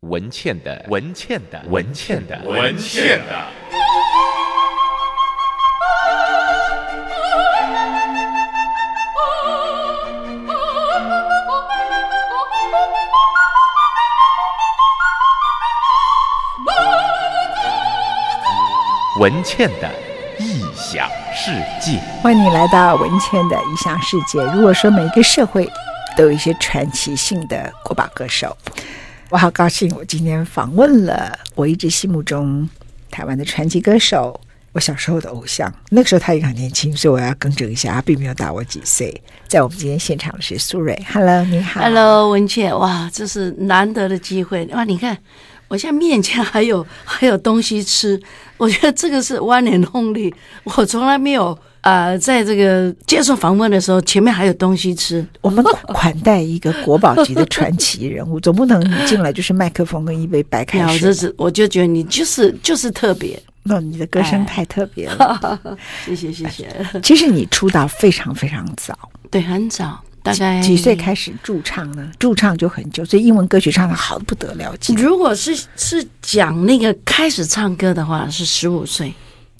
.文茜的、文茜的、文茜的、文茜的、文茜的異想世界，歡迎你來到文茜的異想世界。如果說每一個社會都有一些傳奇性的國寶歌手。我好高興，我今天訪問了我一直心目中台灣的傳奇歌手，我小時候的偶像。那個時候他也很年輕，所以我要更正一下，他並沒有大我幾歲。在我們今天現場的是蘇芮，Hello，你好，Hello，文茜，哇，這是難得的機會。哇，你看，我現在面前還有還有東西吃，我覺得這個是 one and only，我從來沒有。啊、呃，在這個接受訪問的時候，前面還有東西吃。我們款待一個國寶級的傳奇人物， 總不能你進來就是麥克風跟一杯白開水。我這是，我就覺得你就是就是特別。那你的歌聲太特別了。謝謝謝謝。其實你出道非常非常早， 對，很早。大概幾歲開始駐唱呢？駐唱就很久，所以英文歌曲唱得好不得了解。如果是是講那個開始唱歌的話，是十五歲。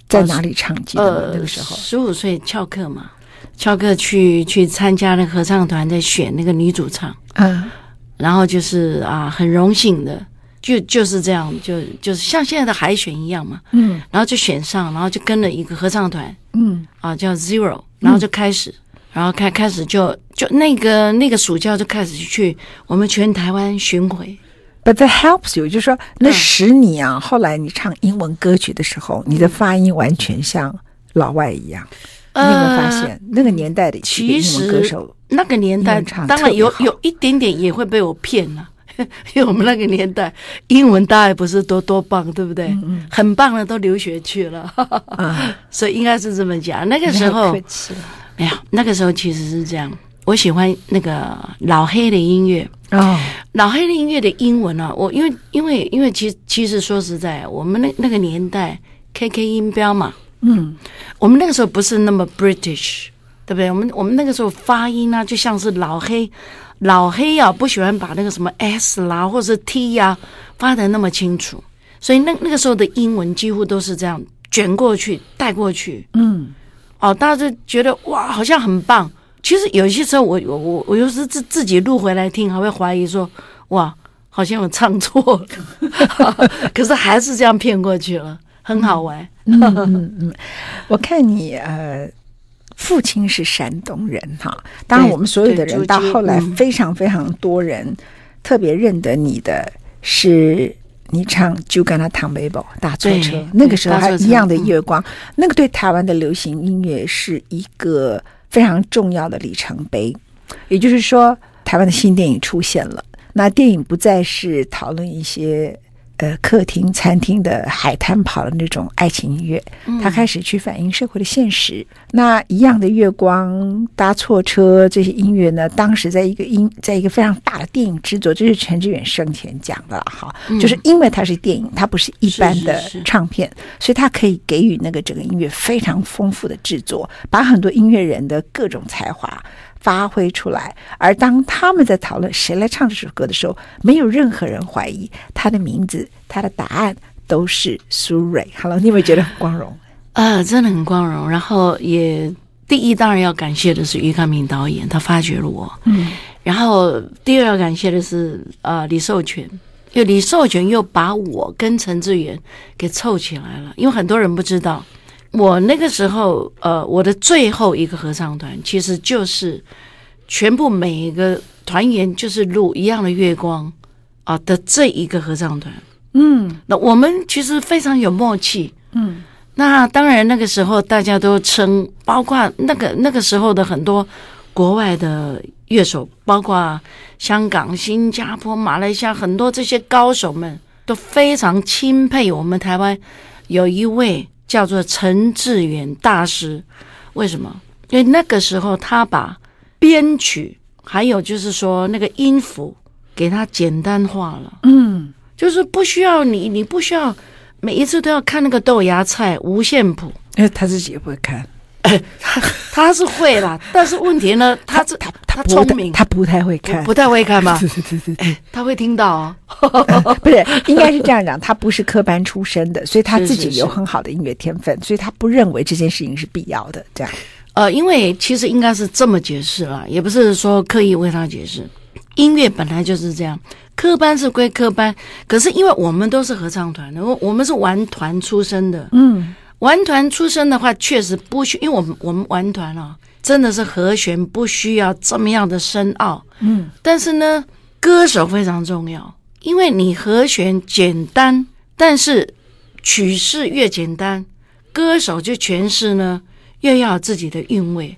在哪裡唱？啊、記得、呃、那個時候，十五歲翹課嘛，翹課去去參加那個合唱團，在選那個女主唱。嗯，然後就是啊，很榮幸的，就就是這樣，就就是像現在的海選一樣嘛。嗯，然後就選上，然後就跟了一個合唱團。嗯，啊叫 Zero，然後就開始，嗯、然後開開始就就那個那個暑假就開始去我們全台灣巡迴。嗯 But that helps you，就是說那十年啊，對後來你唱英文歌曲的時候，嗯、你的發音完全像老外一樣。嗯、你有沒有發現、嗯、那個年代的英文歌手文其實？那個年代當然有，有一點點也會被我騙了、啊。因為我們那個年代英文當然不是多多棒，對不對？嗯、很棒的都留學去了，哈哈哈。嗯、所以應該是這麼講。那個時候，沒有，那個時候其實是這樣。我喜歡那個老黑的音樂。啊，oh. 老黑的音樂的英文啊，我因為因為因為其實其實說實在，我們那那個年代，KK 音標嘛，嗯，我們那個時候不是那麼 British，對不對？我們我們那個時候發音啊，就像是老黑老黑啊，不喜歡把那個什麼 S 啦或者是 T 呀、啊、發的那麼清楚，所以那那個時候的英文幾乎都是這樣捲過去帶過去，嗯，哦，大家就覺得哇，好像很棒。其實有些時候我，我我我有時自自己錄回來聽，還會懷疑說，哇，好像我唱錯了， 可是還是這樣騙過去了，很好玩。嗯嗯嗯，我看你呃，父親是山東人哈，當然我們所有的人到後來非常非常多人、嗯、特別認得你的是你唱《酒矸倘賣無》搭錯對車，那個時候還有一樣的月光，嗯、那個對台灣的流行音樂是一個非常重要的里程碑，也就是說，台灣的新電影出現了。那電影不再是討論一些。呃，客廳、餐廳的海灘跑的那種愛情音樂，他、嗯、開始去反映社會的現實。那一樣的月光、搭錯車這些音樂呢，當時在一個音，在一個非常大的電影制作，這，就是陳志遠生前講的哈，好，嗯、就是因為它是電影，它不是一般的唱片，是是是所以他可以給予那個整個音樂非常豐富的制作，把很多音樂人的各種才華，發揮出來。而當他們在討論誰來唱這首歌的時候，沒有任何人懷疑他的名字，他的答案都是蘇芮。Hello，你有沒有覺得很光榮？啊、呃，真的很光榮。然後也第一當然要感謝的是虞戡平導演，他發掘了我。嗯。然後第二要感謝的是呃，李壽全，因為李壽全又把我跟陳志遠給湊起來了。因為很多人不知道。我那個時候，呃，我的最後一個合唱團，其實就是全部每一個團員就是錄一樣的《月光》啊、呃、的這一個合唱團。嗯，那我們其實非常有默契。嗯，那當然那個時候大家都稱，包括那個那個時候的很多國外的樂手，包括香港、新加坡、馬來西亞很多這些高手們都非常欽佩我們台灣有一位。叫做陳志遠大師，為什麼？因為那個時候他把編曲，還有就是說那個音符給他簡單化了，嗯，就是不需要你，你不需要每一次都要看那個豆芽菜五線譜，因為他自己也會看。哎、他他是會啦，但是問題呢，他是他他聰明他，他不太會看，不，不太會看吧。他會聽到哦、啊嗯，不是，應該是這樣講， 他不是科班出身的，所以他自己有很好的音樂天分，是是是，所以他不認為這件事情是必要的，這樣，呃，因為其實應該是這麼解釋啦，也不是說刻意為他解釋，音樂本來就是這樣，科班是歸科班，可是因為我們都是合唱團的，我，我們是玩團出身的，嗯。玩團出身的話，確實不需要，因為我們我們玩團哦、啊，真的是和弦不需要這麼樣的深奧。嗯，但是呢，歌手非常重要，因為你和弦簡單，但是曲式越簡單，歌手就詮釋呢，越要有自己的韻味。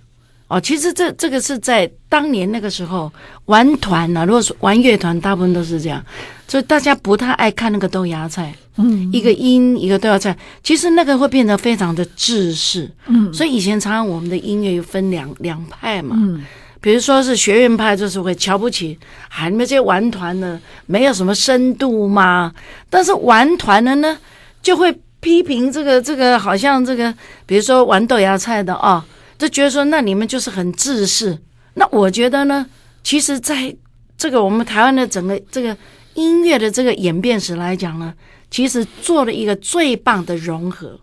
哦，其實這這個是在當年那個時候玩團呢、啊。如果說玩樂團，大部分都是這樣，所以大家不太愛看那個豆芽菜。嗯，一個音一個豆芽菜，其實那個會變得非常的制式。嗯，所以以前常常我們的音樂又分兩兩派嘛。嗯，比如說是學院派，就是會瞧不起，還、啊、你們這些玩團的沒有什麼深度嘛。但是玩團的呢，就會批評這個這個，好像這個，比如說玩豆芽菜的啊。哦就覺得說，那你們就是很自私。那我覺得呢，其實在這個我們台灣的整個這個音樂的這個演變史來講呢，其實做了一個最棒的融合，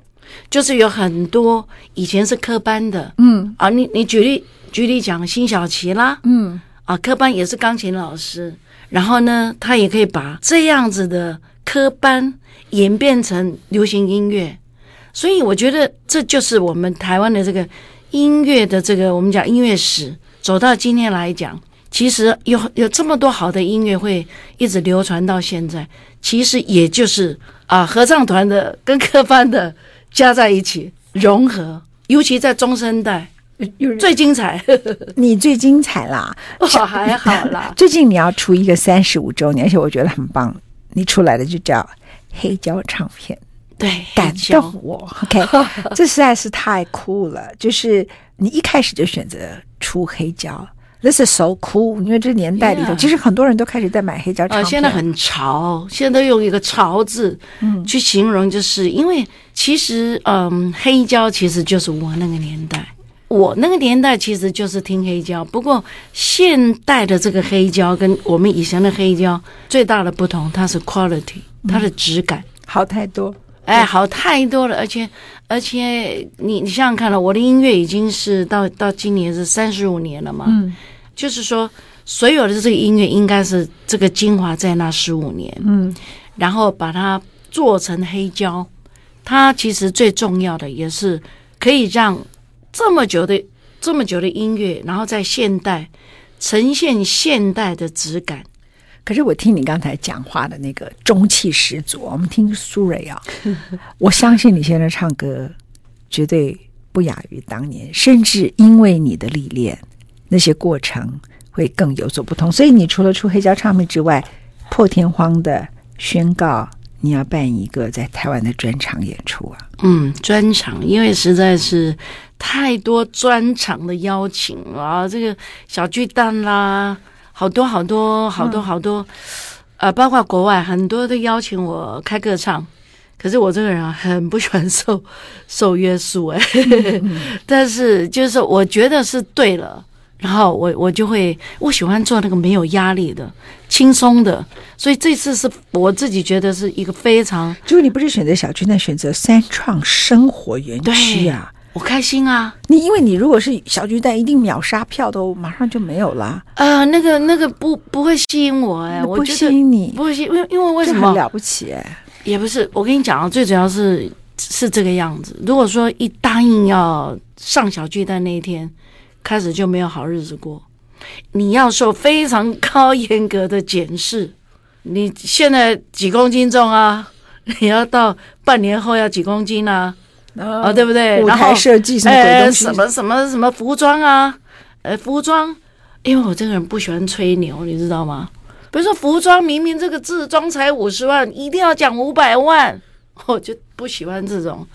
就是有很多以前是科班的，嗯，啊，你你舉例舉例講辛曉琪啦，嗯，啊，科班也是鋼琴老師，然後呢，他也可以把這樣子的科班演變成流行音樂，所以我覺得這就是我們台灣的這個。音樂的這個，我們講音樂史走到今天來講，其實有有這麼多好的音樂會一直流傳到現在，其實也就是啊，合唱團的跟科班的加在一起融合，尤其在中生代，最精彩，你最精彩啦，哦、像還好啦。最近你要出一個三十五週年，而且我覺得很棒，你出來的就叫黑膠唱片。對，感動我。OK，這實在是太酷，cool，了。就是你一開始就選擇出黑膠，This is so cool，因為這年代裡頭，Yeah. 其實很多人都開始在買黑膠唱片。啊、呃，現在很潮，現在都用一個“潮”字，嗯，去形容，就是、嗯、因為其實，嗯、呃，黑膠其實就是我那個年代，我那個年代其實就是聽黑膠。不過，現代的這個黑膠跟我們以前的黑膠最大的不同，它是 quality，它的質感、嗯、好太多。哎，好太多了，而且，而且你你想想看了哦，我的音樂已經是到到今年是三十五年了嘛，嗯，就是說所有的這個音樂應該是這個精華在那十五年，嗯，然後把它做成黑膠，它其實最重要的也是可以讓這麼久的這麼久的音樂，然後在現代呈現現代的質感。可是我聽你剛才講話的那個中氣十足，我們聽蘇芮啊，我相信你現在唱歌絕對不亞於當年，甚至因為你的歷練，那些過程會更有所不同。所以你除了出黑膠唱片之外，破天荒的宣告你要辦一個在台灣的專場演出啊。嗯，專場，因為實在是太多專場的邀請啊，這個小巨蛋啦。好多好多好多好多，呃、嗯啊，包括國外很多都邀請我開個唱，可是我這個人啊，很不喜歡受受約束哎、欸。嗯嗯，但是就是我覺得是對了，然後我我就會我喜歡做那個沒有壓力的、輕鬆的，所以這次是我自己覺得是一個非常。如果你不是選擇小區，那選擇三創生活園區啊。對我開心啊！你因為你如果是小巨蛋，一定秒殺票都馬上就沒有了。呃，那個那個不不會吸引我哎，不吸引你，不會吸引，因為因為為什麼了不起哎？也不是，我跟你講啊，最主要是是這個樣子。如果說一答應要上小巨蛋那一天，開始就沒有好日子過，你要受非常高嚴格的檢視。你現在幾公斤重啊？你要到半年後要幾公斤啊？哦，對不對？舞台設計什麼鬼東西、哎、什麼什麼，什麼服裝啊？呃，服裝，因為我這個人不喜歡吹牛，你知道嗎？比如說服裝，明明這個治裝才五十萬，一定要講五百萬，我就不喜歡這種，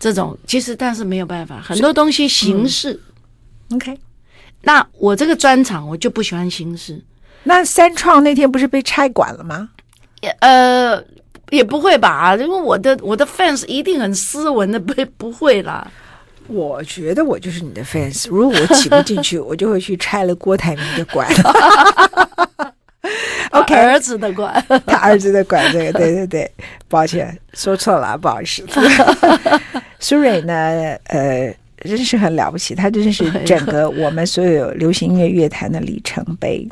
這種。其實，但是沒有辦法，很多東西形式。OK，嗯、那我這個專場我就不喜歡形式。那三創那天不是被拆館了嗎？呃。也不會吧？因為我的我的 fans 一定很斯文的，不不會啦，我覺得我就是你的 fans，如果我擠不進去， 我就會去拆了郭台銘的館。 OK，兒子的館，他兒子的館， 的館，對對對對，抱歉說錯了，不好意思。蘇 芮呢，呃，真是很了不起，他真是整個我們所有流行音樂樂壇的里程碑。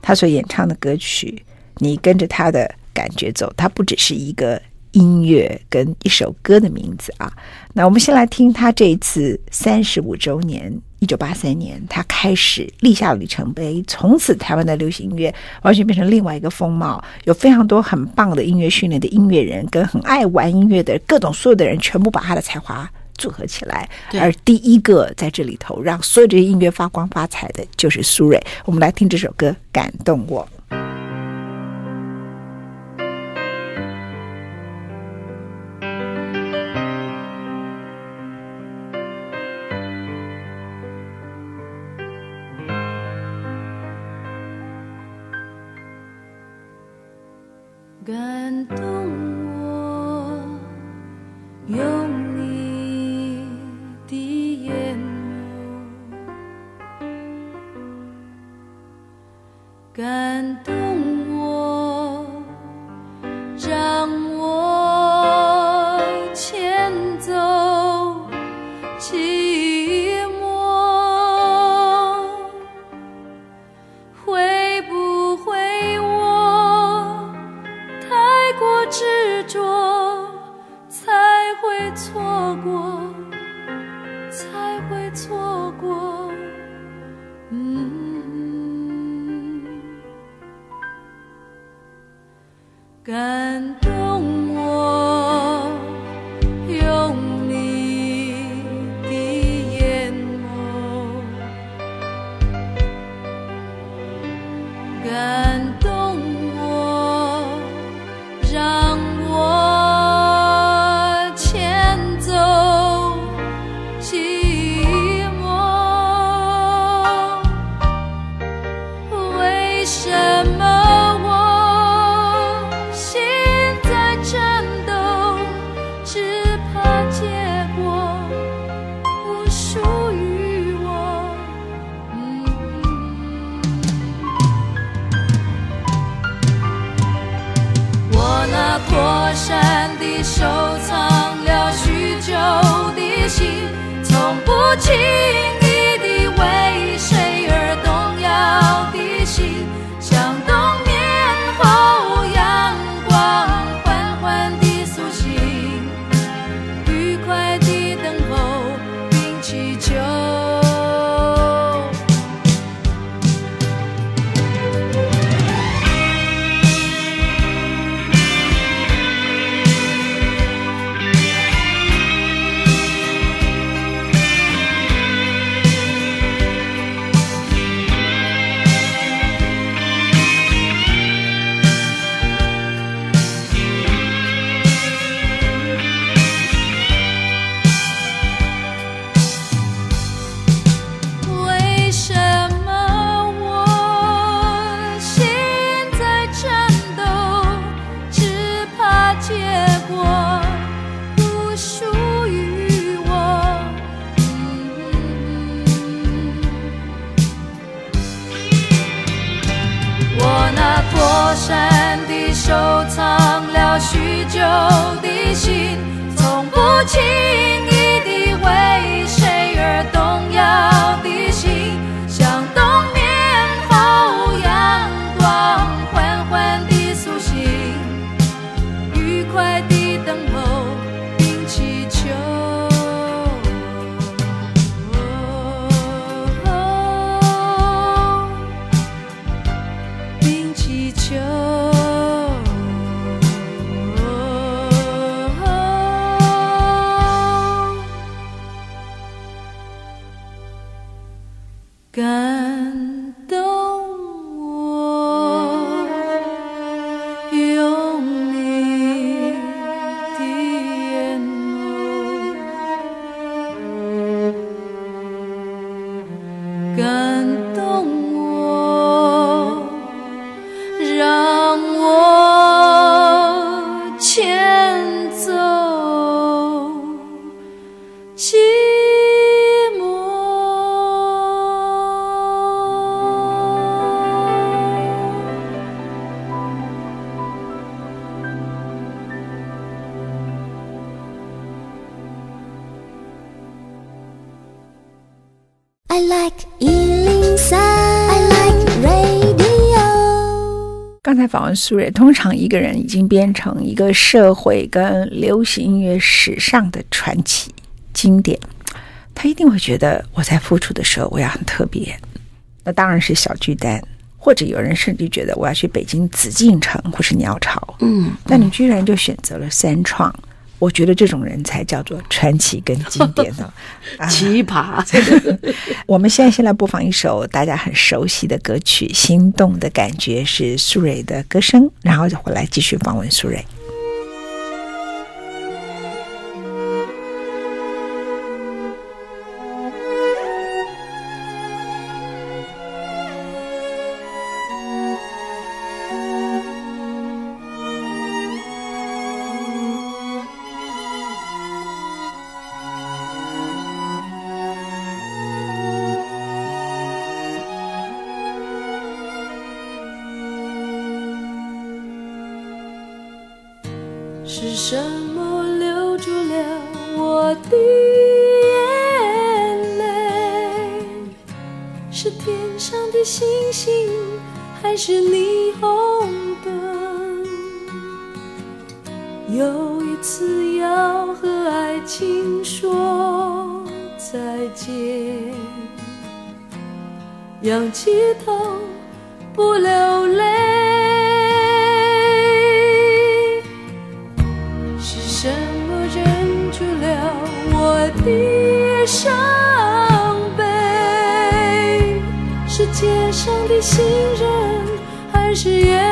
他所演唱的歌曲，你跟着他的。感覺走，它不只是一個音樂跟一首歌的名字啊。那我們先來聽他這一次三十五周年，一九八三年他開始立下了里程碑，從此台灣的流行音樂完全變成另外一個風貌。有非常多很棒的音樂訓練的音樂人，跟很愛玩音樂的各種所有的人，全部把他的才華組合起來。對而第一個在這裡頭讓所有這些音樂發光發財的就是蘇芮。我們來聽這首歌，感動我。感動。在訪問蘇芮，通常一個人已經變成一個社會跟流行音樂史上的傳奇經典，他一定會覺得我在付出的時候，我要很特別。那當然是小巨蛋，或者有人甚至覺得我要去北京紫禁城或是鳥巢。嗯，但你居然就選擇了三創。我覺得這種人才叫做傳奇跟經典的，啊、 奇葩。 我們現在先來播放一首大家很熟悉的歌曲《心動的感覺》，是蘇芮的歌聲，然後我來繼續訪問蘇芮。抬起頭，不流淚，是什麼忍住了我的傷悲？是街上的行人，還是……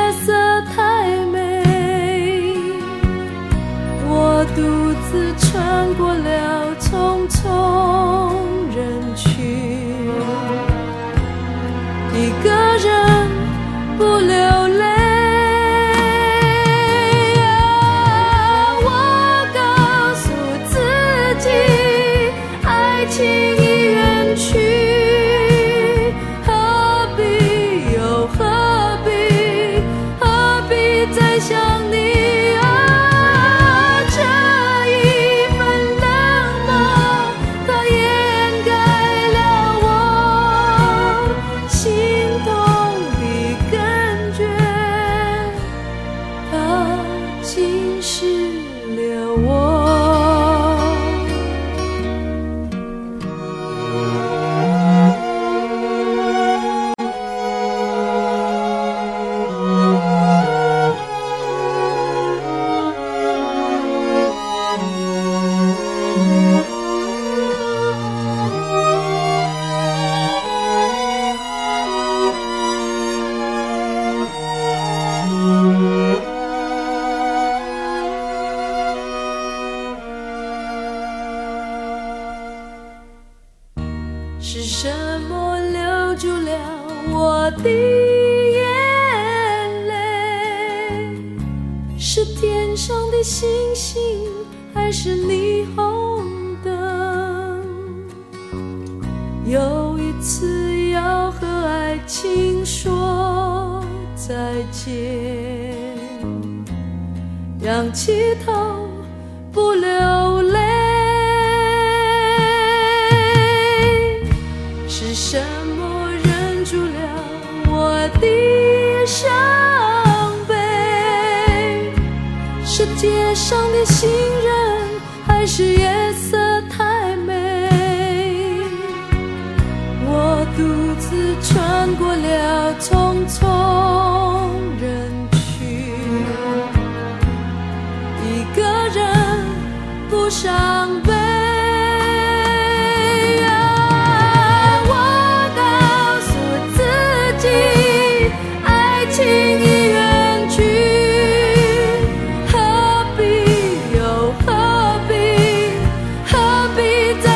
抬起頭。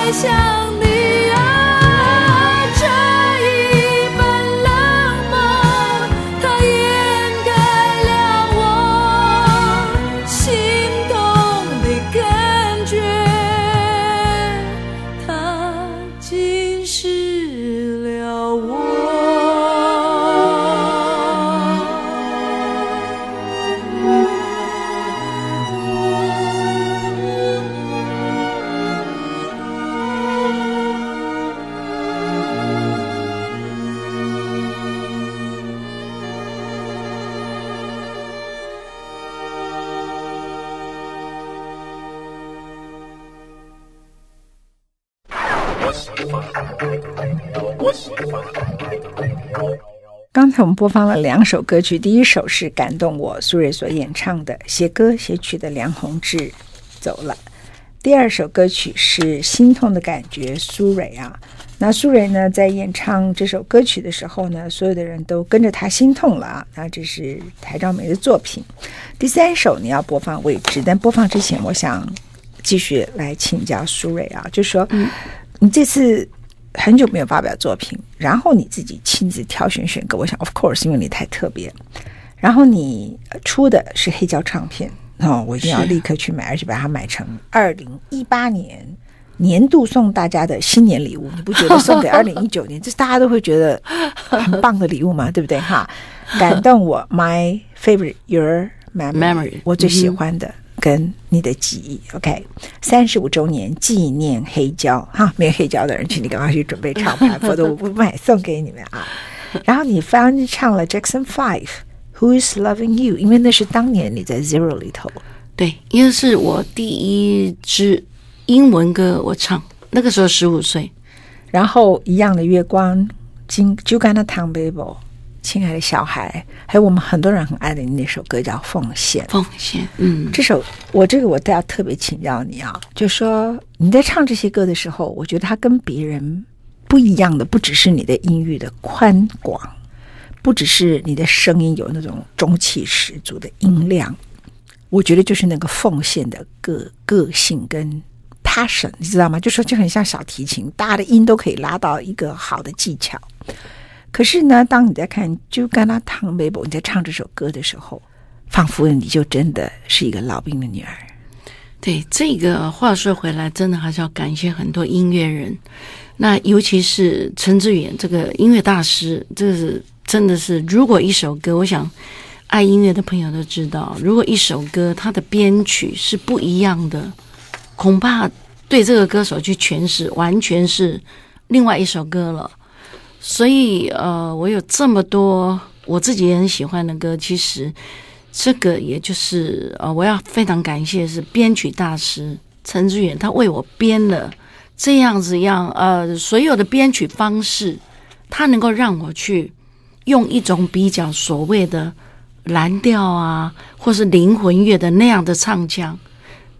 在想你。播放了兩首歌曲，第一首是感動我蘇芮所演唱的，寫歌寫曲的梁弘志走了。第二首歌曲是心痛的感覺，蘇芮啊，那蘇芮呢在演唱這首歌曲的時候呢，所有的人都跟着她心痛了啊。那這是邰肇玫的作品。第三首你要播放未知，但播放之前，我想繼續來請教蘇芮啊，就說、嗯、你這次。很久沒有發表作品，然後你自己親自挑選選歌，我想 of course，因為你太特別，然後你出的是黑膠唱片，那我一定要立刻去買，是而且把它買成二零一八年年度送大家的新年禮物，你不覺得送給二零一九年， 這是大家都會覺得很棒的禮物嘛，對不對哈？Ha? 感動我 my favorite your memory，Memories. 我最喜歡的。Mm hmm. 跟你的記憶，OK，三十五周年紀念黑膠，哈，沒有黑膠的人，請你趕快去準備唱盤，否則我不買 送給你們啊。然後你翻唱了 Jackson Five Who's Loving You，因為那是當年你在 Zero 裡頭，對，因為是我第一支英文歌，我唱那個時候十五歲，然後一樣的月光，酒矸倘賣無。親愛的小孩，還有我們很多人很愛的那首歌叫《奉獻》。奉獻，嗯，這首我這個我都要特別請教你啊，就說你在唱這些歌的時候，我覺得它跟別人不一樣的，不只是你的音域的寬廣，不只是你的聲音有那種中氣十足的音量，我覺得就是那個奉獻的個個性跟 passion，你知道嗎？就說就很像小提琴，大的音都可以拉到一個好的技巧。可是呢，當你在看《酒干倘賣無》，你在唱這首歌的時候，仿佛你就真的是一個老兵的女兒。對，這個話說回來，真的還是要感謝很多音樂人，那尤其是陳志遠這個音樂大師，這是真的是，如果一首歌，我想愛音樂的朋友都知道，如果一首歌它的編曲是不一樣的，恐怕對這個歌手去詮釋，完全是另外一首歌了。所以，呃，我有這麼多我自己也很喜歡的歌，其實這個也就是，呃，我要非常感謝是編曲大師陳志遠，他為我編了這樣子樣，呃，所有的編曲方式，他能夠讓我去用一種比較所謂的藍調啊，或是靈魂樂的那樣的唱腔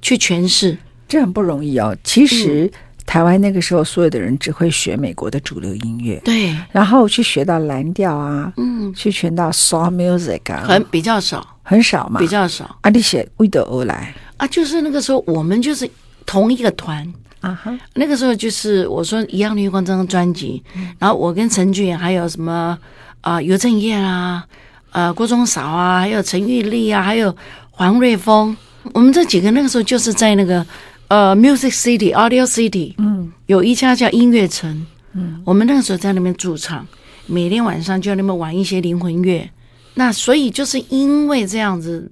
去詮釋，這很不容易啊、哦。其實。嗯台灣那個時候，所有的人只會學美國的主流音樂，對，然後去學到藍調啊，嗯，去學到 s o w music 啊，很比較少，很少嘛，比較少。啊，你寫《為德歐來》啊，就是那個時候，我們就是同一個團啊，哈，那個時候就是我說《一樣的月光》這張專輯，嗯、然後我跟陳俊還有什麼、呃、啊，游正彥啊，啊，郭宗韶啊，還有陳玉麗啊，還有黃瑞豐，我們這幾個那個時候就是在那個。呃、uh，Music City、Audio City，嗯，有一家叫音樂城。嗯，我們那個時候在那邊駐唱，每天晚上就在那邊玩一些靈魂樂。那所以就是因為這樣子，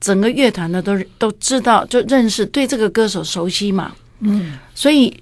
整個樂團呢都都知道，就認識，對這個歌手熟悉嘛。嗯，所以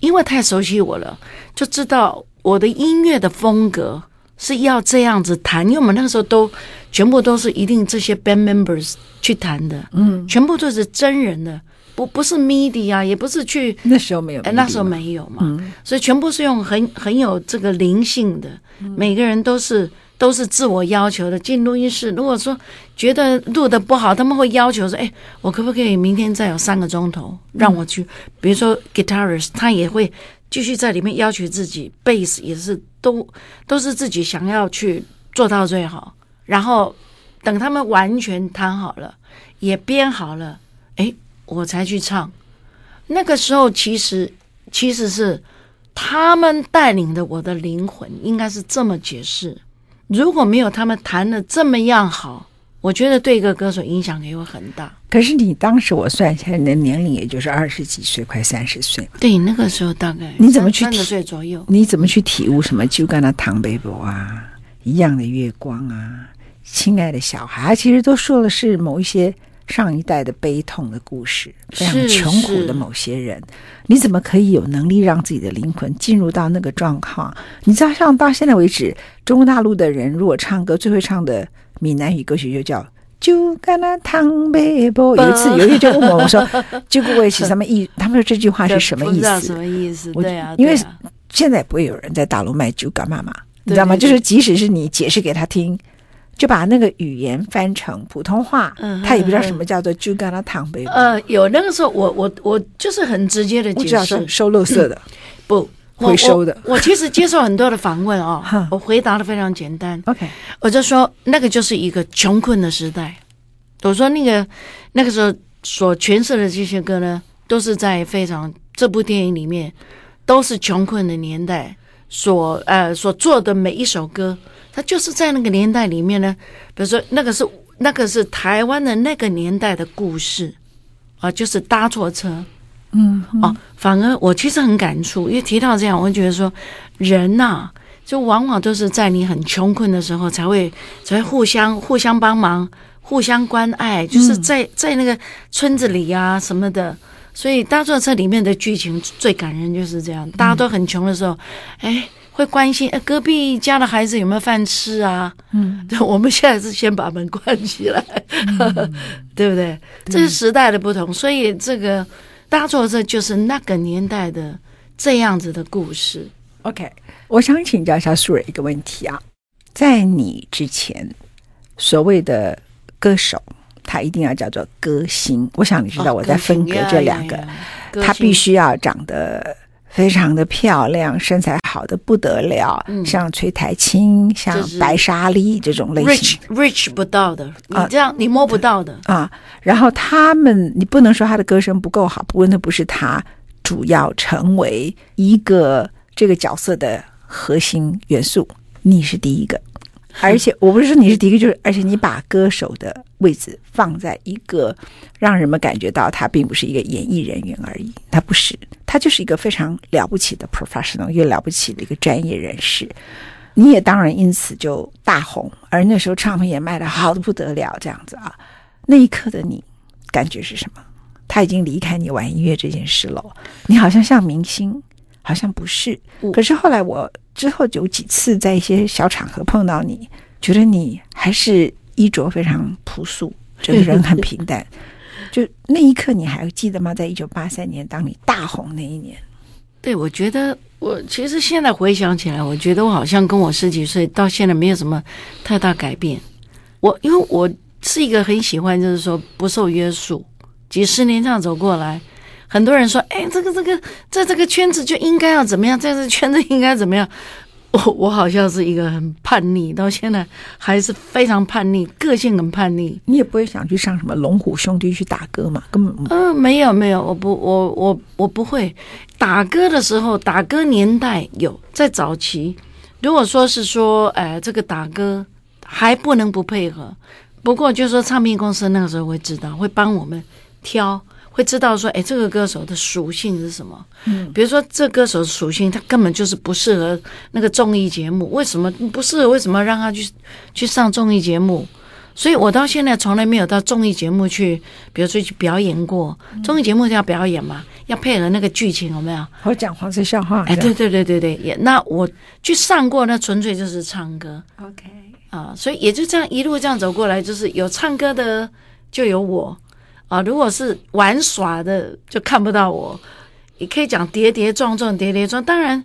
因為太熟悉我了，就知道我的音樂的風格是要這樣子彈。因為我們那個時候都全部都是一定這些 Band Members 去彈的，嗯，全部都是真人的。不不是 MIDI 啊，也不是去那時候沒有哎、欸，那時候沒有嘛，嗯、所以全部是用很很有這個靈性的，嗯、每個人都是都是自我要求的。進錄音室，如果說覺得錄的不好，他們會要求說：“哎、欸，我可不可以明天再有三個鐘頭，讓我去？”嗯、比如說 guitarist，他也會繼續在裡面要求自己、嗯、，bass 也是都都是自己想要去做到最好。然後等他們完全彈好了，也編好了，哎、欸。我才去唱，那個時候其實其實是他們帶領的。我的靈魂，應該是這麼解釋。如果沒有他們彈的這麼樣好，我覺得對一個歌手影響也會很大。可是你當時我算一下，現在你的年齡也就是二十幾歲，快三十歲。對，那個時候大概你怎麼去三十歲左右，你怎麼去體悟什麼？就跟他《唐伯伯》啊，一樣的月光啊，親愛的小孩，其實都說的是某一些。上一代的悲痛的故事，非常窮苦的某些人，是是你怎麼可以有能力讓自己的靈魂進入到那個狀況？你知道，像到現在為止，中國大陸的人如果唱歌最會唱的閩南語歌曲，就叫《酒矸倘賣無》。有一次，有人就問我，我說：“酒過未醒，他們意，他們說這句話是什麼意思？什麼意思？”我對啊，因為現在不會有人在大陸賣酒干媽媽，啊、你知道嗎？對對對，就是即使是你解釋給他聽。就把那個語言翻成普通話，嗯哼哼，他也不知道什麼叫做就跟他躺杯。嗯、哼呃，有那個時候我，我我我就是很直接的解釋，哦、收垃圾的 不回收的我我。我其實接受很多的訪問哦， 我回答的非常簡單。OK，、嗯、我就說那個就是一個窮困的時代。Okay. 我說那個那個時候所詮釋的這些歌呢，都是在非常這部電影裡面都是窮困的年代所呃所做的每一首歌。他就是在那個年代裡面呢，比如說那個是那個是台灣的那個年代的故事啊，就是搭錯車，嗯，嗯哦，反而我其實很感觸，因為提到這樣，我就覺得說人吶、啊，就往往都是在你很窮困的時候，才會才會互相互相幫忙、互相關愛，就是在、嗯、在那個村子裡呀、啊、什麼的，所以搭錯車裡面的劇情最感人就是這樣，大家都很窮的時候，嗯、哎。會關心隔壁家的孩子有沒有飯吃啊？嗯，我們現在是先把門關起來，嗯、呵呵對不對？對這是時代的不同，所以這個大家做這就是那個年代的這樣子的故事。OK，我想請教一下蘇芮一個問題啊，在你之前所謂的歌手，他一定要叫做歌星。我想你知道我在分隔這兩個，哦啊、他必須要長得。非常的漂亮，身材好的不得了，嗯、像崔苔菁，像白沙莉這種類型，Rich，Rich 不到的啊，你這樣你摸不到的啊，啊。然後他們，你不能說他的歌聲不夠好，不過那不是他主要成為一個這個角色的核心元素。你是第一個。而且我不是說你是第一個，就是而且你把歌手的位置放在一個讓人們感覺到他並不是一個演藝人員而已，他不是，他就是一個非常了不起的 professional，越了不起的一個專業人士。你也當然因此就大紅，而那時候唱片也賣得好的不得了，這樣子啊。那一刻的你感覺是什麼？他已經離開你玩音樂這件事了，你好像像明星，好像不是。可是後來我。之後有幾次在一些小場合碰到你，覺得你還是衣着非常樸素，整個人很平淡。 就那一刻你還記得嗎？在一九八三年當你大紅那一年。對，我覺得我其實現在回想起來，我覺得我好像跟我十幾歲到現在沒有什麼太大改變。我因為我是一個很喜歡就是說不受約束，幾十年這樣走過來。很多人說，哎，這個這個，在這，這個圈子就應該要怎麼樣，在這，這圈子應該怎麼樣？我我好像是一個很叛逆，到現在還是非常叛逆，個性很叛逆。你也不會想去上什麼龍虎兄弟去打歌嘛，根本嗯、呃，沒有沒有，我不我我我不會打歌的時候打歌年代有在早期，如果說是說，哎，這個打歌還不能不配合，不過就是說唱片公司那個時候會知道會幫我們挑。會知道說，哎、欸，這個歌手的屬性是什麼？嗯，比如說，這歌手的屬性他根本就是不適合那個綜藝節目，為什麼不適合？為什麼讓他去去上綜藝節目？所以我到現在從來沒有到綜藝節目去，比如說去表演過。綜藝節目就要表演嘛，要配合那個劇情有沒有？我講黃色笑話。哎、欸，對樣對對對對，也那我去上過，那純粹就是唱歌。OK，啊，所以也就這樣一路這樣走過來，就是有唱歌的就有我。啊，如果是玩耍的，就看不到我。也可以講跌跌撞撞，跌跌撞。當然，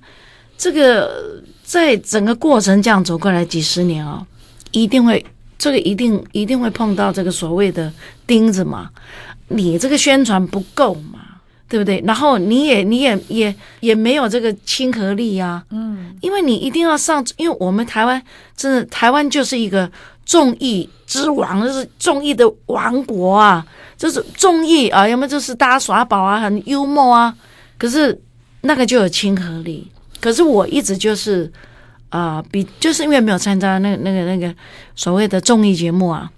這個在整個過程這樣走過來幾十年哦，一定會這個一定一定會碰到這個所謂的釘子嘛。你這個宣傳不夠嘛，對不對？然後你也你也也也沒有這個親和力啊，嗯，因為你一定要上，因為我們台灣，真的台灣就是一個。綜藝之王就是綜藝的王國啊，就是綜藝啊，要麼就是大家耍寶啊，很幽默啊。可是那個就有親和力。可是我一直就是啊、呃，比就是因為沒有參加那個、那個那個所謂的綜藝節目啊，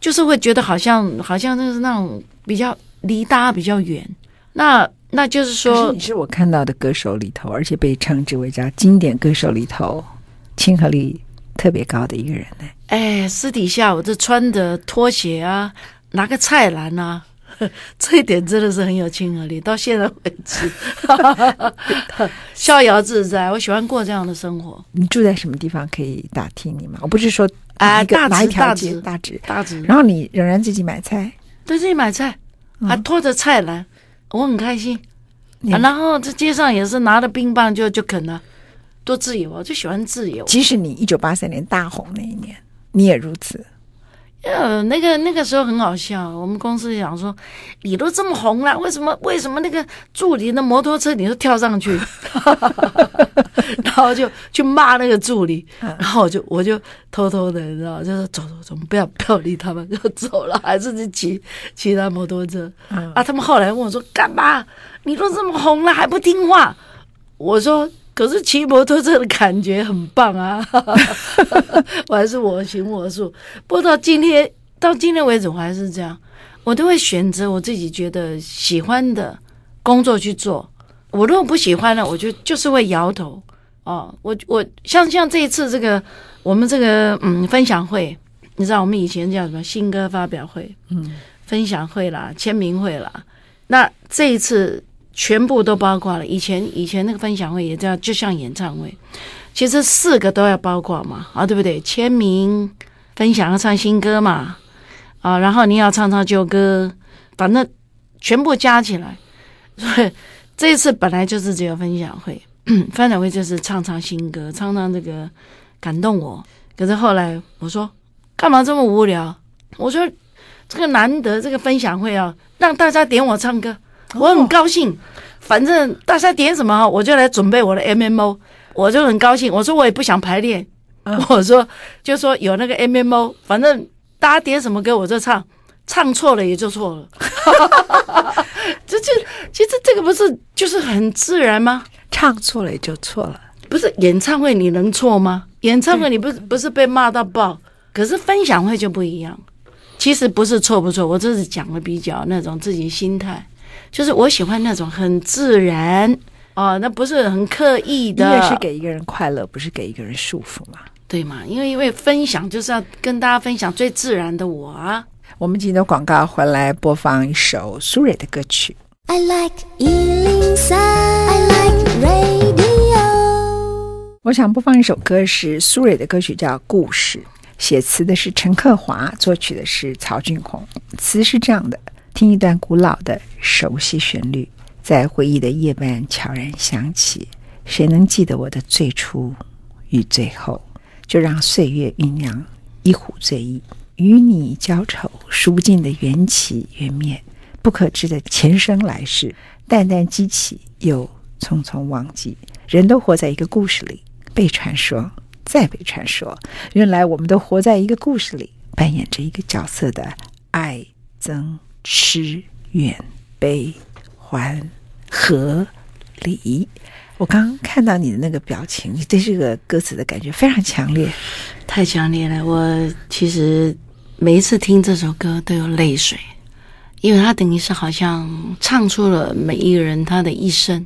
就是會覺得好像好像就是那種比較離大家比較遠。那那就是說，其實你是我看到的歌手裡頭，而且被稱之為叫經典歌手裡頭親和力特別高的一個人呢，哎，私底下我就穿着拖鞋啊，拿個菜籃啊，這一點真的是很有親和力。到現在為止， 逍遙自在，我喜歡過這樣的生活。你住在什麼地方？可以打聽你嗎？我不是說啊、哎，大直大直大直，然後你仍然自己買菜，對自己買菜，還、嗯啊、拖着菜籃，我很開心、嗯啊。然後這街上也是拿着冰棒就就啃了。多自由啊、哦！就喜歡自由。即使你一九八三年大紅那一年，你也如此。呃，yeah, 那個那個時候很好笑。我們公司想說，你都這麼紅了，為什麼為什麼那個助理那摩托車，你都跳上去？ 然後就就罵那個助理。嗯、然後我就我就偷偷的你知道，就說走走走，不要不要理他們，就走了，還是去騎騎他摩托車。嗯、啊，他們後來問我說，幹嘛？你都這麼紅了還不聽話？我說。可是騎摩托車的感覺很棒啊！ 我還是我行我素，不過到今天，到今天為止我還是這樣，我都會選擇我自己覺得喜歡的工作去做。我如果不喜歡呢，我就就是會搖頭。哦，我我像像這一次這個我們這個嗯分享會，你知道我們以前叫什麼新歌發表會，嗯，分享會啦，簽名會啦，那這一次。全部都包括了。以前以前那個分享會也這樣，就像演唱會，其實四個都要包括嘛，啊，對不對？簽名、分享、要唱新歌嘛，啊，然後你要唱唱舊歌，反正全部加起來。所以這一次本來就是只有分享會，嗯，分享會就是唱唱新歌，唱唱這個感動我。可是後來我說，幹嘛這麼無聊？我說這個難得這個分享會啊，讓大家點我唱歌。我很高興，反正大家點什麼，我就來準備我的 MMO，我就很高興。我說我也不想排練，我說就說有那個 MMO，反正大家點什麼歌我就唱，唱錯了也就錯了。哈哈哈哈哈！這這其實這個不是就是很自然嗎？唱錯了也就錯了，不是演唱會你能錯嗎？演唱會你不對不是被罵到爆？可是分享會就不一樣。其實不是錯不錯，我這是講的比較那種自己心態。就是我喜歡那種很自然哦，那不是很刻意的。音樂是給一個人快樂，不是給一個人束縛嘛？對嘛，因為因為分享就是要跟大家分享最自然的我啊。 我們今天的廣告回來播放一首蘇芮的歌曲。I like 103, I like radio. 我想播放一首歌，是蘇芮的歌曲，叫《故事》，寫詞的是陳克華，作曲的是曹俊宏，詞是這樣的。聽一段古老的熟悉旋律，在回憶的夜半悄然響起。誰能記得我的最初與最後？就讓歲月醞釀一壺醉意，與你交丑，數不盡的緣起緣滅，不可知的前生來世，淡淡激起又匆匆忘記。人都活在一個故事裡，被傳說，再被傳說。原來，我們都活在一個故事裡，扮演着一個角色的愛憎。詩遠悲歡合離，我剛剛看到你的那個表情，你對這個歌詞的感覺非常強烈，太強烈了。我其實每一次聽這首歌都有淚水，因為它等於是好像唱出了每一個人他的一生，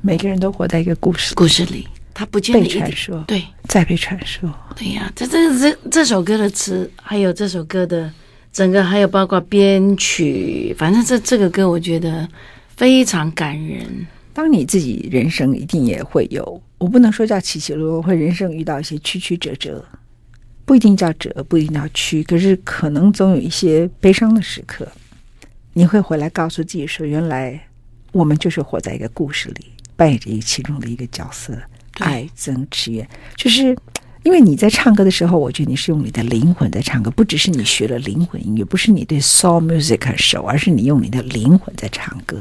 每個人都活在一個故事故事裡，他不見得被傳說，對，再被傳說。對呀、啊，這這這這首歌的詞，還有這首歌的。整個還有包括編曲，反正這這個歌我覺得非常感人。當你自己人生一定也會有，我不能說叫起起落落，會人生遇到一些曲曲折折，不一定叫折，不一定叫曲，可是可能總有一些悲傷的時刻，你會回來告訴自己說，原來我們就是活在一個故事裡，扮演着一其中的一個角色，對愛憎痴怨，就是，是。因為你在唱歌的時候，我覺得你是用你的靈魂在唱歌，不只是你學了靈魂音樂，不是你對 soul music 熟，而是你用你的靈魂在唱歌，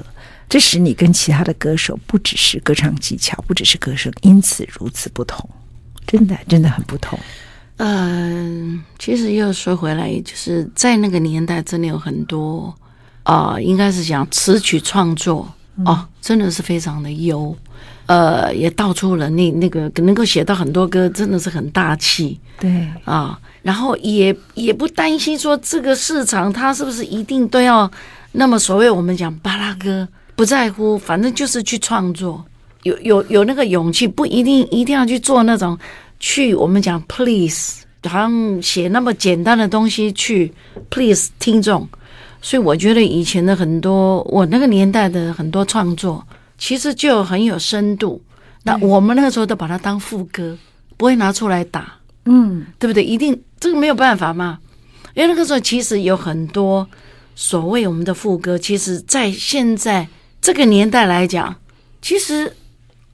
這使你跟其他的歌手不只是歌唱技巧，不只是歌聲，因此如此不同，真的真的很不同。嗯、呃，其實又說回來，就是在那個年代，真的有很多啊、呃，應該是講詞曲創作啊、嗯哦，真的是非常的優。呃，也道出了，那那個能夠寫到很多歌，真的是很大氣，對啊，然後也也不擔心說這個市場它是不是一定都要那麼所謂我們講芭樂歌，不在乎，反正就是去創作，有有有那個勇氣，不一定一定要去做那種去我們講 please，好像寫那麼簡單的東西去 please 聽眾，所以我覺得以前的很多，我那個年代的很多創作。其實就很有深度。那我們那個時候都把它當副歌，哎、不會拿出來打，嗯，對不對？一定這個沒有辦法嘛。因為那個時候其實有很多所謂我們的副歌，其實在現在這個年代來講，其實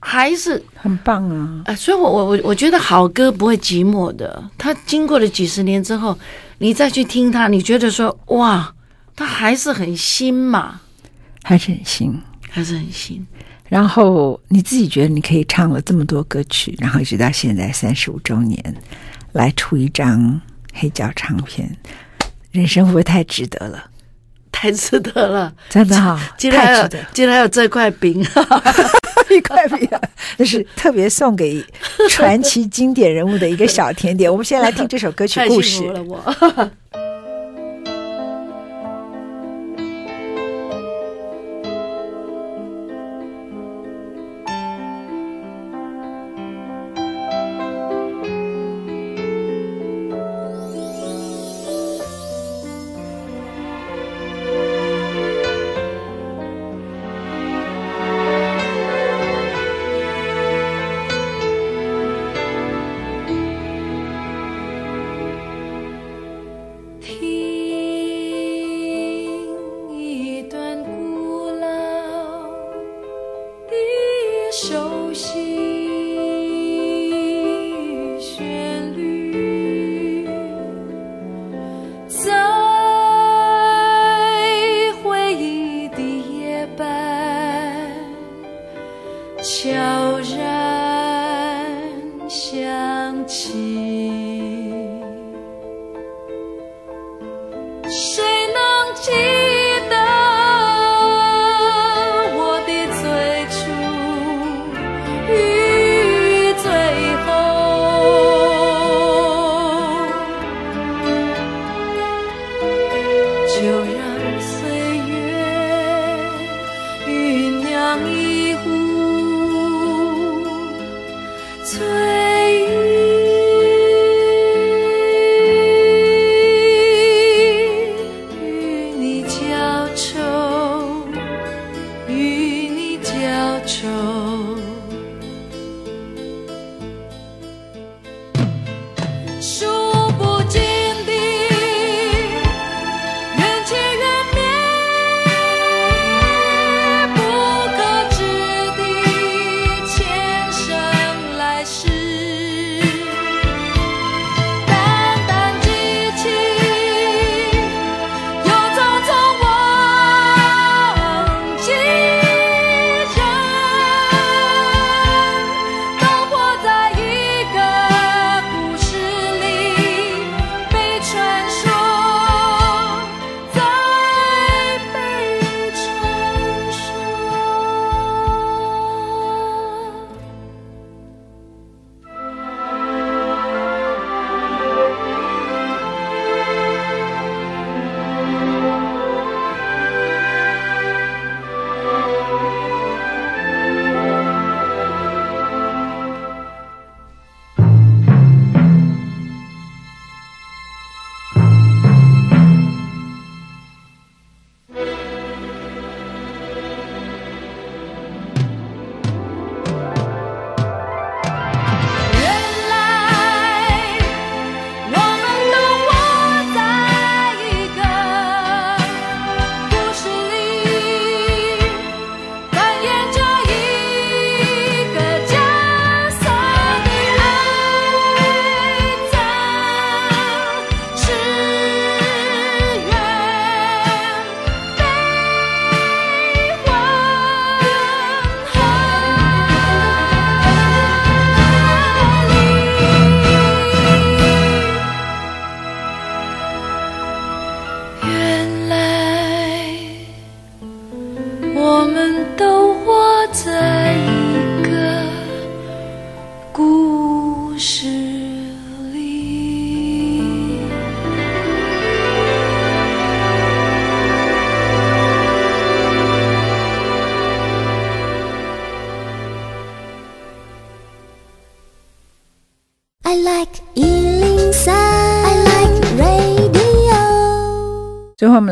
還是很棒啊。哎、呃、所以我我我我覺得好歌不會寂寞的。它經過了幾十年之後，你再去聽它，你覺得說哇，它還是很新嘛，還是很新，還是很新。然後你自己覺得你可以唱了這麼多歌曲，然後一直到現在三十五周年，來出一張黑膠唱片，人生會不會太值得了？太值得了，真的好、哦，太值得，竟然有這塊餅啊， 一塊餅、啊，這、就是特別送給傳奇經典人物的一個小甜點。 我們先來聽這首歌曲故事。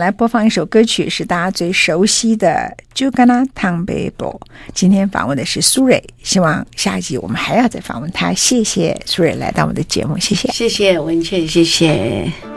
來播放一首歌曲，是大家最熟悉的《酒干倘賣無》，今天訪問的是蘇芮，希望下一集我們還要再訪問他。謝謝蘇芮來到我們的節目，謝謝，謝謝文茜，謝謝。哎